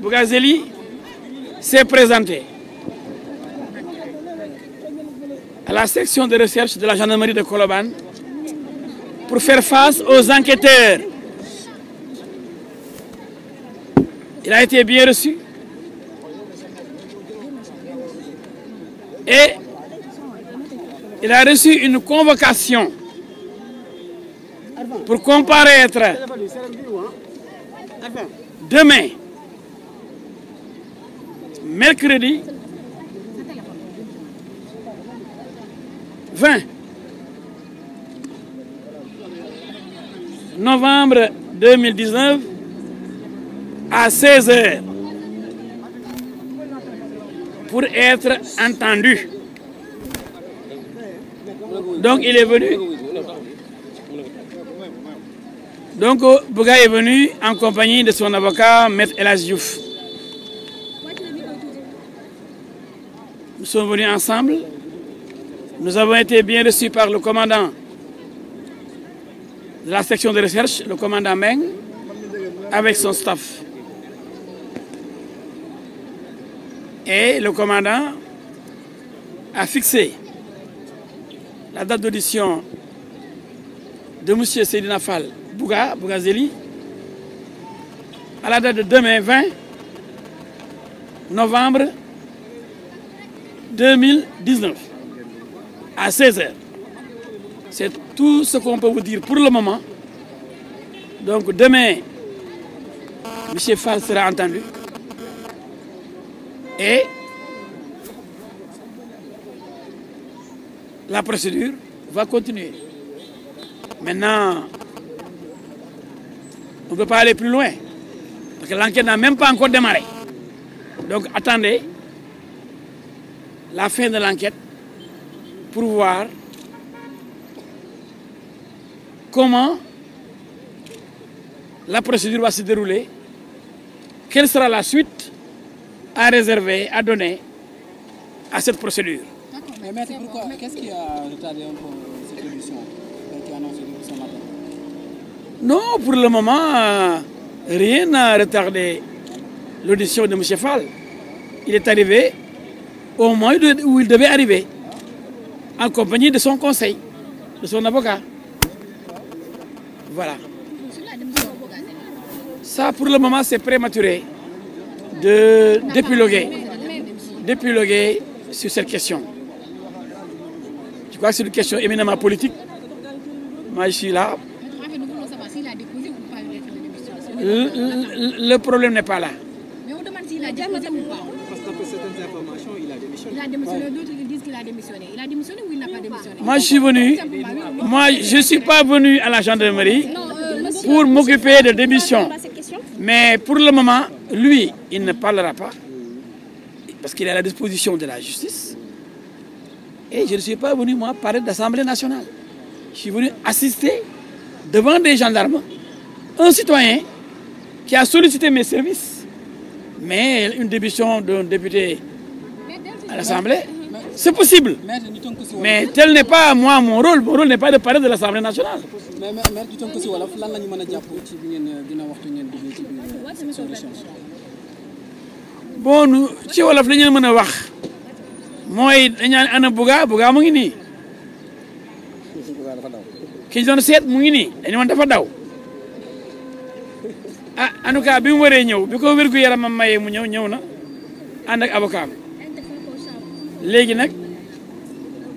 Bougazeli s'est présenté à la section de recherche de la gendarmerie de Koloban pour faire face aux enquêteurs. Il a été bien reçu et il a reçu une convocation pour comparaître demain mercredi 20 novembre 2019 à 16h pour être entendu. Donc il est venu. Donc Bouga est venu en compagnie de son avocat, Maître Elas Diouf. Nous sommes venus ensemble. Nous avons été bien reçus par le commandant de la section de recherche, le commandant Meng, avec son staff. Et le commandant a fixé la date d'audition de M. Seydina Fall Bouga, Bougazeli à la date de demain 20 novembre 2019 à 16h. C'est tout ce qu'on peut vous dire pour le moment. Donc demain, M. Fall sera entendu. Et la procédure va continuer. Maintenant, on ne peut pas aller plus loin. Parce que l'enquête n'a même pas encore démarré. Donc attendez la fin de l'enquête pour voir comment la procédure va se dérouler, quelle sera la suite à réserver, à donner à cette procédure. Mais maître, pourquoi Qu'est-ce qui a retardé un peu cette émission qui a annoncé depuis ce matin Non, pour le moment, rien n'a retardé l'audition de M. Fall. Il est arrivé au moment où il devait arriver, en compagnie de son conseil, de son avocat. Voilà. Ça, pour le moment, c'est prématuré de d'épiloguer, d'épiloguer sur cette question. Je crois que c'est une question éminemment politique. Moi, je suis là. Le, le, le problème n'est pas là. a démissionné, d'autres disent qu'il a démissionné. Il a démissionné ou il n'a pas démissionné Moi, je suis venu, moi, je ne suis pas venu à la gendarmerie euh, pour m'occuper de démission. Mais pour le moment, lui, il ne parlera pas parce qu'il est à la disposition de la justice. Et je ne suis pas venu, moi, parler d'Assemblée nationale. Je suis venu assister devant des gendarmes, un citoyen qui a sollicité mes services. Mais une démission d'un député à l'Assemblée. C'est possible. Mais tel n'est pas moi mon rôle. Mon rôle n'est pas de parler de l'Assemblée nationale. mais maire di si wolof lan la ñu mën a jàpp ci bi ngeen dina waxtu ngeen duggee ci biir euh, section d'échange. bon ci wolof la mën a wax mooy dañaan ana Bouga Bouga mu ngi nii ki doon seet mu ngi nii dañu woon dafa daw ah en tout bi mu waree ñëw bi ko wér gu yaramam mayee mu ñëw ñëw na ànd ak avocat léegi nag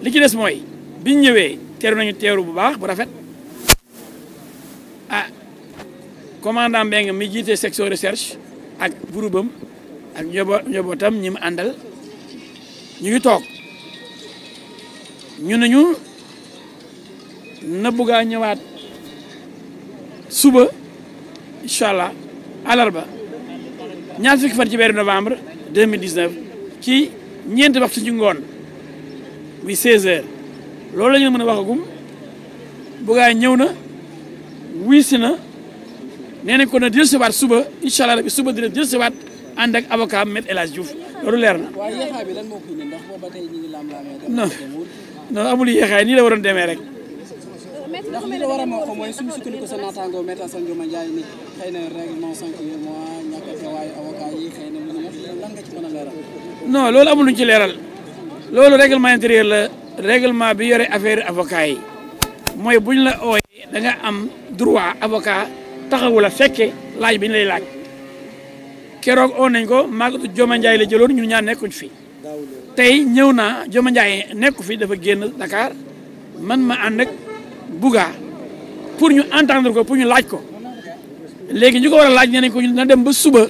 li ci des mooy biñ ñëwee teeru nañu teeru bu baax bu rafet ah commandant Mbengue mi jiite sexo recherche ak groupe am ak njobootam ñi mu àndal ñu ngi toog ñu nañu na buggaa ñëwaat suba incha allah alarba ñaar fukki fan ci weeru novembre 2019 ci ñeenti wax ci ngoon muy 16 heures loolu la ñu mën a waxagum bugaay ñëw na wiisi na nee nañ ko na jël siwaat suba incha allah rabi suba dina jël siwaat ànd ak avocat Me El Hadji Diouf loolu leer na. waaw bi lan moo koy ndax booba tey ñu ngi lam-lamee. non non amul yeexaay nii la waroon demee rek. ndax li la war a moo ko mooy suñu sukkandiku sa naataangoo a teewaayu xëy na lu non loolu amul luñ ci leeral loolu règlement intérieur la règlement bi yore affaire avocat yi mooy buñ la ooyee danga am droit avocat taxawu la fekke laaj bi ñu lay laaj keroog oo nañ ko Maguette Dioma Ndiaye la jëloon ñun ñaar nekkuñ fi tey ñëw naa Dioma nekku fi dafa génn Dakar man ma ànd ak Bouga pour ñu entendre ko pour ñu laaj ko léegi ñu ko war a laaj nee nañ ko ñu na dem ba suba.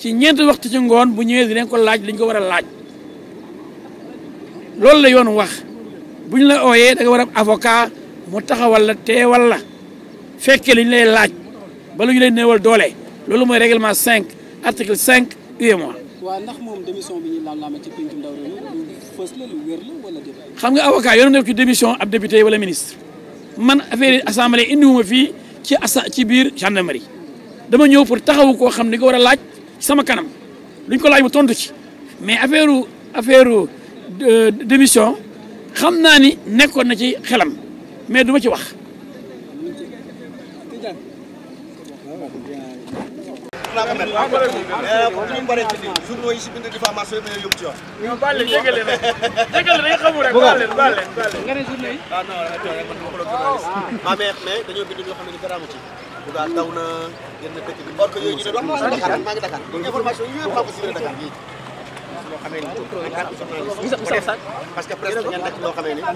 ci ñeenti waxtu ci ngoon bu ñëwee dinañ ko laaj liñ ko war a laaj loolu la yoon wax bu ñu la ooyee da nga war a avocat mu taxawal la teewal la fekkee liñ lay laaj bala ñu lay newal doole loolu mooy règlement 5 article 5 UEMOA. waaw ndax moom démission bi ci xam nga avocat yoon def ci démission ab député wala ministre man affaire yi assemblée indiwuma fii ci assa ci biir gendarmerie dama ñëw pour taxawu koo xam ni ko war a laaj. sama kanam luñ ko laaj mu tontu ci mais affaire affaire euh, démission xam naa ni nekkoon na ci xelam mais du ma ci wax. Ah ah. mais dañoo bind loo xam ne dara amu ci Bouga daw na génn dëkk bi. or que yooyu ñu ne wax maa ngi Dakar. information yi yëpp maa ko siiwee Dakar que journaliste. parce que presque ngeen nekk loo xamee ni. ma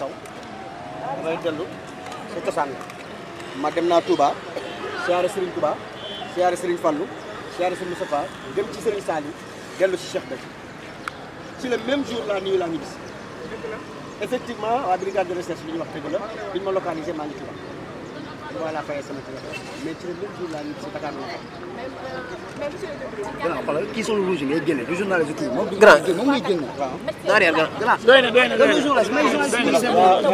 kaw. damay dem naa Touba. siyaare Serigne Touba. siyaare Serigne Fallou siyaare Serigne Moustapha dem ci Serigne Saliou dellu ci Cheikh Béthio ci le même jour la nuit laa ñu gis effectivement waa brigade de recherche bi ñu wax dëgg la bi ñu ma localisé maa ngi ci wax voilà fayal sama téléphone mais ci même jour laa si Dakar ma grand xoolal kii solo rouge ngay génne du journaliste kii moom. grand moom ngay génne waaw. naa reer grand grand. doy na doy na doy na journaliste may journaliste man du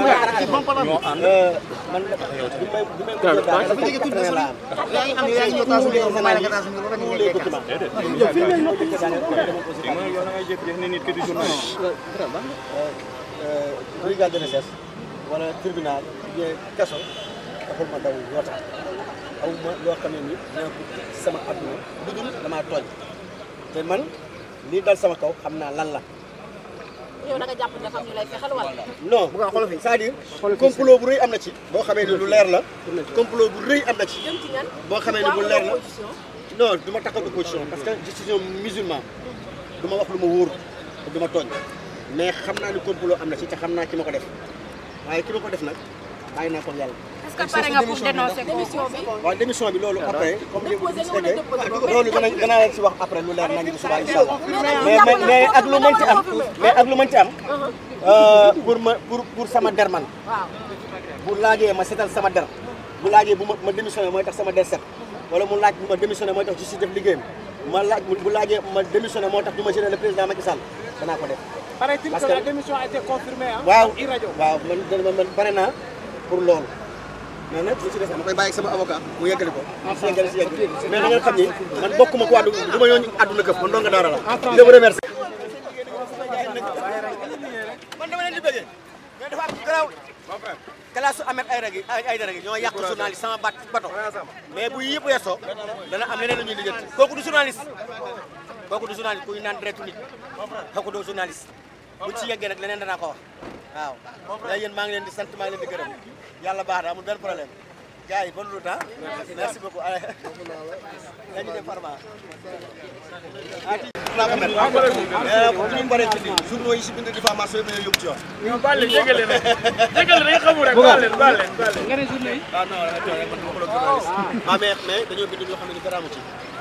may du may wala tribunal kaso taxuma daw ma loo xamee ni naa ko sama adduna na dul damaa tooñ te man nii dal sama kaw xam naa lan la. yow da nga jàpp ne xam ko xoolal bu rëy am na ci. boo xamee ni lu leer la. complot bu rëy am boo xamee ni lu leer la non du ma taxaw position parce que je suis un musulman du wax lu ma wóor te du ma tooñ mais xam naa ni complot am na ci te xam naa ki ma ko def waaye ki ma ko def nag bàyyi naa ko yàlla. est-ce que pare nga pour dénoncer démission bi. waaw démission bi loolu après comme li mu gis fekkee loolu danañ si wax après lu leer nañ ci suba incha allah mais mais ak lu mën ci am mais ak ci am pour ma pour pour sama der man bu laajee ma setal sama der bu laajee bu ma ma démissionné mooy tax sama der set wala mu laaj ma démissionné mooy tax justice def liggéeyam ma laaj bu laajee ma démissionné moo tax du ma gêner le président Macky Sall danaa ko def. paraît-il que la démission a été confirmée. waaw waaw man man pare naa pour loolu. mais nag lu si des dama koy bàyyi ak sama avocat mu yeggali ko mu yeggali si yeggali mais na ngeen xam ni man bokkuma ko wàddu du ma ñooñu àdduna këf man donga daara la di leen remercier man dama leen di bëggee mais dafa am garaaw kalaasu amet ay ragi ay dara gi ñoo yàq journaliste sama bat bato mais bu yëpp weesoo dana am leneen lu ñuy lijjanti kooku du journaliste kooku du du journaliste bu ci yeggee nag leneen danaa ko wax waaw. léegi yéen maa ngi leen di sant maa ngi leen di gërëm yàlla baax na amul benn problème gars yi bonne route ah. merci beaucoup. dañu dem Farba. waaw ah, xam naa ko mel. Ah, bu eh, ñu mbaree ci lii journaux yi si bind diffamation yëpp dañoo yóbbu ci yoon. ñoom baal leen jégal leen rek jégal leen xamul rek baal leen baal leen baal leen. nga ne journaux yi. ah non non non ah. mais dañoo bind ñoo xam ne garamu ci.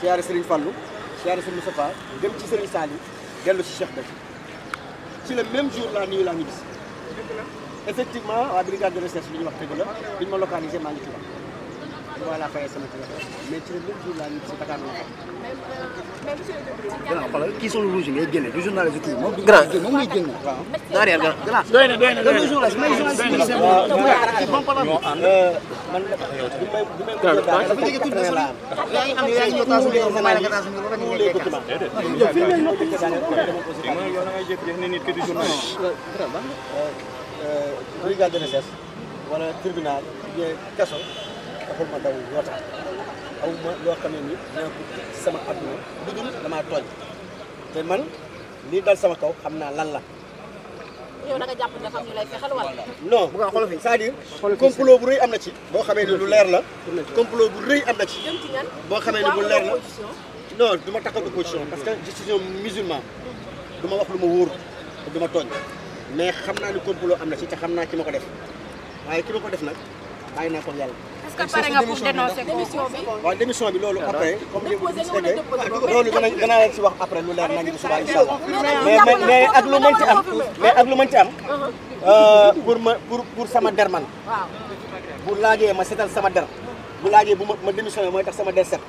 siyaare Serigne Fallou siyaare Serigne Moustapha dem ci Serigne Saliou dellu ci Cheikh Béthio ci le même jour la nuit laa ñu gis effectivement waa brigade de recherche bi ñu wax dëgg la bi ñu ma localisé maa ngi ci dois la fayee sama téléphone mais ci la même jour laa ñu si Dakar la grand xoolal kii solu rouge ngay génne du journaliste kii moom grand moom ngay génne waaw naa reer grand grand doy na doy na doy na journaliste may journaliste ah, man du may du may dafa jege tuuti sa la yaa ngi am yaa ngi ñëw taas bi ma may la taas bi ma ñu lay dama ngay jëf jëf ne nit ki du journaliste grand euh, euh, brigade de recherche wala tribunal kaso taxuma daw loo tax aw ma ni naa ko sama adduna lu dul damaa tooñ te man nii dal sama kaw xam naa lan la. yow da nga jàpp ne xam bu nga xool fi cest à am na ci. boo xamee ne lu leer la. complot bu rëy boo xamee ne bu leer la non du ma taxaw opposition parce que je suis un musulman du wax lu ma wóor du ma tooñ mais xam naa ni complot am na ci te xam naa ki ma ko def waaye ki ma ko def nag bàyyi naa ko yàlla. que pare nga pour dénoncer ko. waaw démission bi loolu après. comme li mu si déggee loolu danañ danaa leen si wax après lu leer nañu suba incha allah mais mais ak lu mënti am mais ak lu mënti am euh, pour ma pour pour sama der man. bu laajee ma setal sama der. bu laajee bu ma ma démissionné mooy tax sama der set.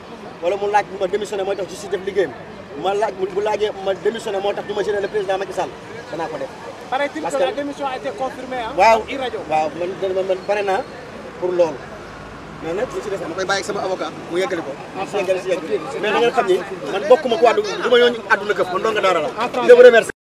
wala mu laaj ma démissionné mooy tax justice def liggéeyam ma laaj bu laajee ma démissionné moo tax du ma gêner le président Macky Sall danaa ko def. parce que paraît-il que la démission a été confirmée ah. waaw waaw man man pare naa pour loolu. mais nag li ci koy bàyyi sama avocat mu yeggali ko. yeggali si yeggali mais na ngeen xam ni man bokkuma ko àdduna du ma yoon àdduna këf man dong daara la.